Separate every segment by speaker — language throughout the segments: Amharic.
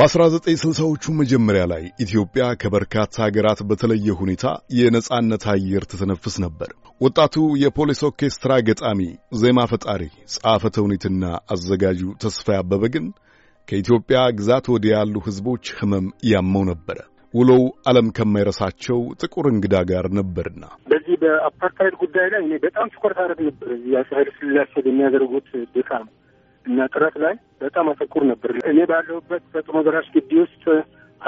Speaker 1: በ1960ዎቹ መጀመሪያ ላይ ኢትዮጵያ ከበርካታ ሀገራት በተለየ ሁኔታ የነጻነት አየር ትተነፍስ ነበር። ወጣቱ የፖሊስ ኦርኬስትራ ገጣሚ፣ ዜማ ፈጣሪ፣ ጸሐፌ ተውኔትና አዘጋጁ ተስፋዬ አበበ ግን ከኢትዮጵያ ግዛት ወዲያ ያሉ ሕዝቦች ህመም ያመው ነበረ። ውሎው ዓለም ከማይረሳቸው ጥቁር እንግዳ ጋር ነበርና
Speaker 2: በዚህ በአፓርታይድ ጉዳይ ላይ እኔ በጣም ትኩረት አደረግ ነበር። የአፄ ኃይለ የሚያደርጉት ድካም እና ጥረት ላይ በጣም አተኩር ነበር። እኔ ባለሁበት ፈጥኖ ደራሽ ግቢ ውስጥ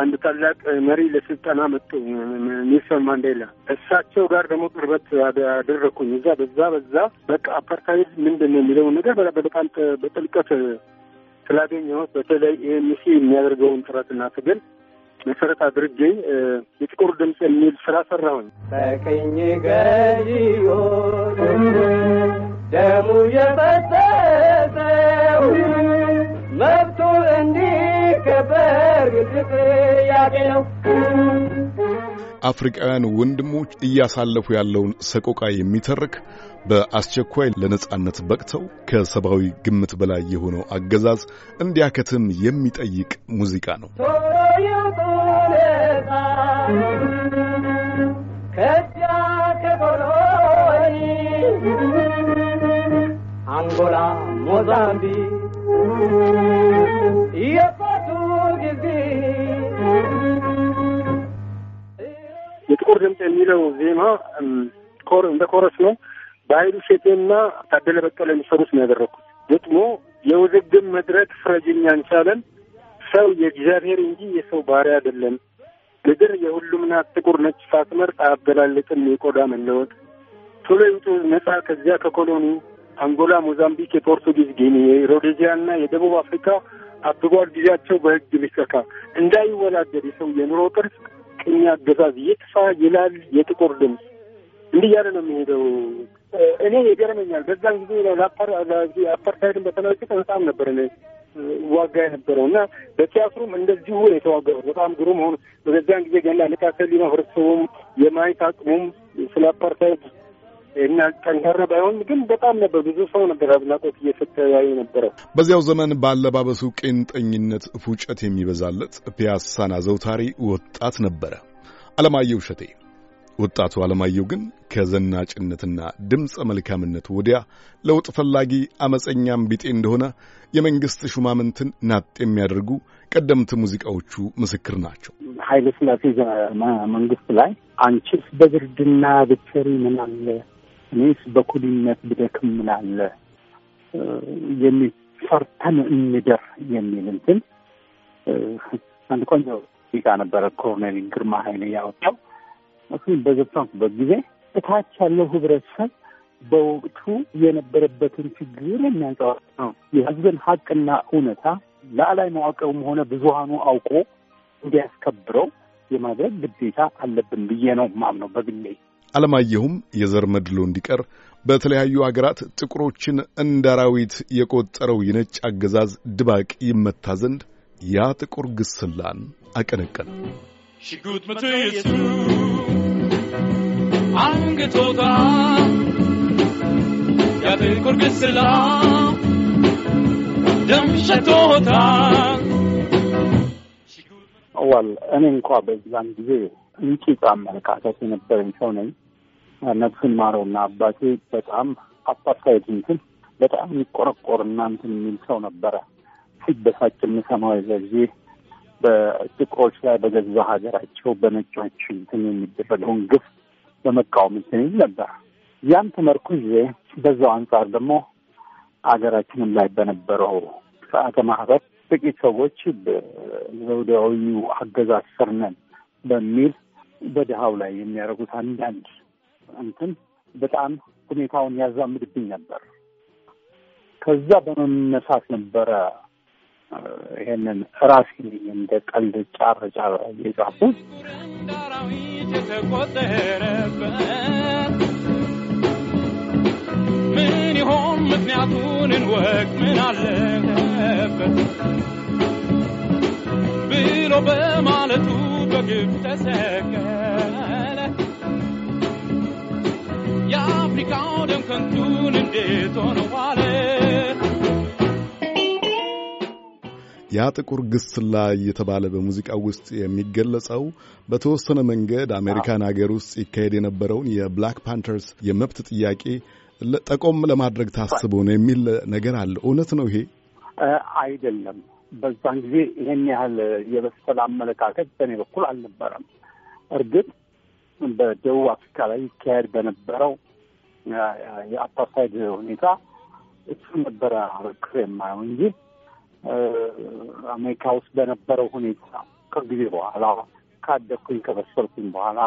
Speaker 2: አንድ ታላቅ መሪ ለስልጠና መጡ፣ ኔልሰን ማንዴላ። እሳቸው ጋር ደግሞ ቅርበት አደረኩኝ። እዛ በዛ በዛ በቃ አፓርታይድ ምንድን ነው የሚለውን ነገር በጣም በጥልቀት ስላገኘሁት በተለይ ኤምሲ የሚያደርገውን ጥረትና ትግል መሰረት አድርጌ የጥቁር ድምፅ የሚል ስራ ሰራሁኝ።
Speaker 1: በቅኝ
Speaker 2: ገዢዎች ደሙ የፈሰ ጥያቄ ነው።
Speaker 1: አፍሪቃውያን ወንድሞች እያሳለፉ ያለውን ሰቆቃ የሚተርክ በአስቸኳይ ለነጻነት በቅተው ከሰብአዊ ግምት በላይ የሆነው አገዛዝ እንዲያከትም የሚጠይቅ ሙዚቃ ነው።
Speaker 3: አንጎላ፣ ሞዛምቢክ
Speaker 2: ጥቁር ድምፅ የሚለው ዜማ እንደ ኮረስ ነው በሀይሉ ሼቴና ታደለ በቀለ የሚሰሩት ነው ያደረኩት። ግጥሞ የውዝግብ መድረክ ፍረጅኛ እንቻለን፣ ሰው የእግዚአብሔር እንጂ የሰው ባሪያ አይደለም፣ ምድር የሁሉም ናት ጥቁር ነጭ ሳትመርጥ፣ አያበላልጥም የቆዳ መለወጥ፣ ቶሎ ይውጡ ነጻ ከዚያ ከኮሎኒ አንጎላ፣ ሞዛምቢክ፣ የፖርቱጊዝ ጊኒ፣ ና የደቡብ አፍሪካ አብጓል ጊዜያቸው በህግ ሊሰካ እንዳይወላደድ የሰው የኑሮ ቅርጽ ቅኝ አገዛዝ ይጥፋ ይላል የጥቁር ድምፅ። እንዲህ እያለ ነው የሚሄደው። እኔ የገረመኛል በዛን ጊዜ አፓርታይድን በተመለከተ በጣም ነበር ዋጋ የነበረው እና በቲያትሩም እንደዚሁ የተዋገሩ በጣም ግሩም ሆኑ። በዛን ጊዜ ገና ልቃሰሊማ ህብረተሰቡም የማየት አቅሙም ስለ አፓርታይድ እና ጠንካራ ባይሆን ግን በጣም ነበር ብዙ ሰው ነበር አድናቆት እየሰጠ ያዩ ነበረው።
Speaker 1: በዚያው ዘመን በአለባበሱ ቄንጠኝነት፣ ፉጨት የሚበዛለት ፒያሳን አዘውታሪ ወጣት ነበረ አለማየሁ እሸቴ። ወጣቱ አለማየሁ ግን ከዘናጭነትና ድምፀ መልካምነት ወዲያ ለውጥ ፈላጊ አመፀኛም ቢጤ እንደሆነ የመንግስት ሹማምንትን ናጥ የሚያደርጉ ቀደምት ሙዚቃዎቹ ምስክር ናቸው።
Speaker 3: ኃይለ ሥላሴ መንግስት ላይ አንቺስ በግርድና ብትሰሪ ምን አለ እኔስ በኩልነት ብደክም ምናለ የሚፈርተን እንደር የሚል እንትን አንድ ቆንጆ ሙዚቃ ነበረ ኮርኔል ግርማ ኃይሌ ያወጣው። እሱን በዘፈንኩበት ጊዜ እታች ያለው ህብረተሰብ በወቅቱ የነበረበትን ችግር የሚያንጸባርቅ ነው። የህዝብን ሀቅና እውነታ ላዕላይ መዋቅሩም ሆነ ብዙሀኑ አውቆ እንዲያስከብረው የማድረግ ግዴታ አለብን ብዬ ነው ማምነው በግሌ።
Speaker 1: አለማየሁም የዘር መድሎ እንዲቀር በተለያዩ አገራት ጥቁሮችን እንደ አራዊት የቆጠረው የነጭ አገዛዝ ድባቅ ይመታ ዘንድ ያ ጥቁር ግስላን አቀነቀነ።
Speaker 3: ሽጉጥ መቶ የሱ
Speaker 1: አንግቶታ ያ ጥቁር ግስላ ደም
Speaker 3: ዋል እኔ እንኳ በዛን ጊዜ እንቂጣ አመለካከት የነበረኝ ሰው ነኝ። ነፍስን ማረው እና አባቴ በጣም አፓታይት እንትን በጣም የሚቆረቆርና እንትን የሚል ሰው ነበረ። ሲበሳጭ የምሰማው የዛ ጊዜ በጥቁሮች ላይ በገዛ ሀገራቸው በነጮች እንትን የሚደረገውን ግፍ በመቃወም እንትን ይል ነበር። ያን ተመርኩዤ በዛው አንጻር ደግሞ ሀገራችንም ላይ በነበረው ስርዓተ ማህበር ጥቂት ሰዎች በዘውዳዊው አገዛዝ ስር ነን በሚል በድሃው ላይ የሚያደርጉት አንዳንድ እንትን በጣም ሁኔታውን ያዛምድብኝ ነበር። ከዛ በመነሳት ነበረ ይሄንን ራሴ እንደ ቀልድ ጫር ጫር የጻፉት
Speaker 1: ምን ይሆን ምክንያቱን እንወቅ ምን አለበት ብሎ በማለቱ በግብ ተሰቀ ስንቱን እንዴት ዋለ ያ ጥቁር ግስላ እየተባለ በሙዚቃ ውስጥ የሚገለጸው በተወሰነ መንገድ አሜሪካን ሀገር ውስጥ ይካሄድ የነበረውን የብላክ ፓንተርስ የመብት ጥያቄ ጠቆም ለማድረግ ታስቦ ነው የሚል ነገር አለ። እውነት ነው ይሄ?
Speaker 3: አይደለም። በዛን ጊዜ ይህን ያህል የበሰለ አመለካከት በእኔ በኩል አልነበረም። እርግጥ በደቡብ አፍሪካ ላይ ይካሄድ በነበረው የአፓርታይድ ሁኔታ እሱ ነበረ አበክር የማየው እንጂ አሜሪካ ውስጥ በነበረው ሁኔታ ከጊዜ በኋላ ካደግኩኝ ከበሰልኩኝ በኋላ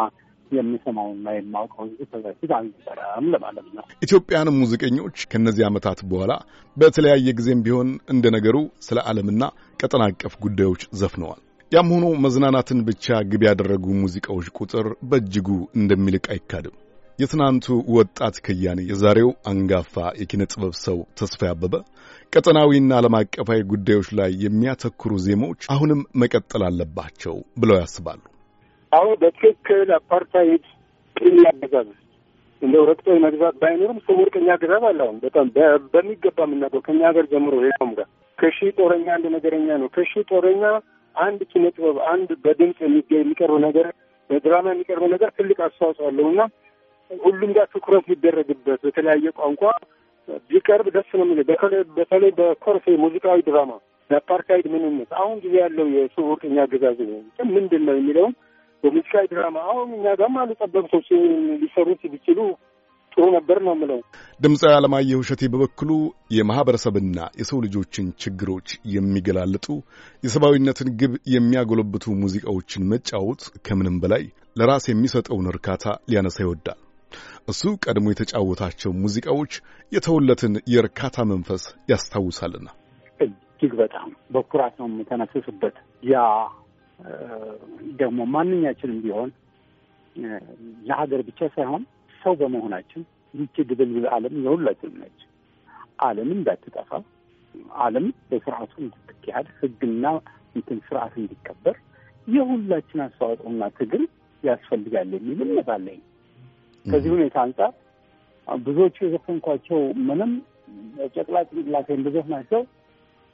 Speaker 3: የሚሰማውና የማውቀው እንጂ ከዛ አልነበረም
Speaker 1: ለማለት ነው። ኢትዮጵያን ሙዚቀኞች ከእነዚህ ዓመታት በኋላ በተለያየ ጊዜም ቢሆን እንደ ነገሩ ስለ ዓለምና ቀጠና አቀፍ ጉዳዮች ዘፍነዋል። ያም ሆኖ መዝናናትን ብቻ ግብ ያደረጉ ሙዚቃዎች ቁጥር በእጅጉ እንደሚልቅ አይካድም። የትናንቱ ወጣት ከያኔ የዛሬው አንጋፋ የኪነ ጥበብ ሰው ተስፋ ያበበ ቀጠናዊና ዓለም አቀፋዊ ጉዳዮች ላይ የሚያተኩሩ ዜማዎች አሁንም መቀጠል አለባቸው ብለው ያስባሉ።
Speaker 2: አሁን በትክክል አፓርታይድ ቅኝ አገዛዝ እንደ ረግጦ መግዛት ባይኖርም ስውር ቅኝ አገዛዝ አለ። አሁን በጣም በሚገባ የምናውቀው ከኛ ሀገር ጀምሮ ሄም ጋር ከሺ ጦረኛ አንድ ነገረኛ ነው። ከሺ ጦረኛ አንድ ኪነ ጥበብ አንድ በድምፅ የሚቀርብ ነገር በድራማ የሚቀርብ ነገር ትልቅ አስተዋጽኦ አለው እና ሁሉም ጋር ትኩረት ሊደረግበት በተለያየ ቋንቋ ቢቀርብ ደስ ነው የሚለው። በተለይ በኮርሴ ሙዚቃዊ ድራማ የአፓርታይድ ምንነት አሁን ጊዜ ያለው የስውርኛ አገዛዝ ምንድን ነው የሚለውም በሙዚቃዊ ድራማ አሁን እኛ ጋርም አሉ ጠበብቶች ሊሰሩት ቢችሉ ጥሩ ነበር ነው የምለው።
Speaker 1: ድምፃዊ አለማየሁ እሸቴ በበኩሉ የማህበረሰብና የሰው ልጆችን ችግሮች የሚገላልጡ የሰብአዊነትን ግብ የሚያጎለብቱ ሙዚቃዎችን መጫወት ከምንም በላይ ለራስ የሚሰጠውን እርካታ ሊያነሳ ይወዳል። እሱ ቀድሞ የተጫወታቸው ሙዚቃዎች የተወለትን የእርካታ መንፈስ ያስታውሳልና
Speaker 3: እጅግ በጣም በኩራት ነው የምተነፍሱበት። ያ ደግሞ ማንኛችንም ቢሆን ለሀገር ብቻ ሳይሆን ሰው በመሆናችን ይቺ ድብልብል ዓለም የሁላችንም ነች። ዓለም እንዳትጠፋ ዓለም በስርዓቱ እንድትካሄድ ህግና እንትን ስርዓት እንዲከበር የሁላችን አስተዋጽኦና ትግል ያስፈልጋል የሚል እምነት አለኝ። ከዚህ ሁኔታ አንጻር ብዙዎቹ የዘፈንኳቸው ምንም ጨቅላ ጭንቅላቴን ብዘፍ ናቸው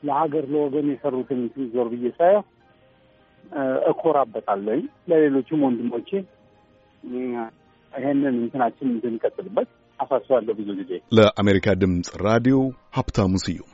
Speaker 3: ለሀገር ለወገን የሰሩትን ዞር ብዬ ሳየው እኮራበታለኝ። ለሌሎችም ወንድሞቼ ይሄንን እንትናችን እንድንቀጥልበት አሳስባለሁ። ብዙ ጊዜ
Speaker 1: ለአሜሪካ ድምፅ ራዲዮ ሀብታሙ ስዩም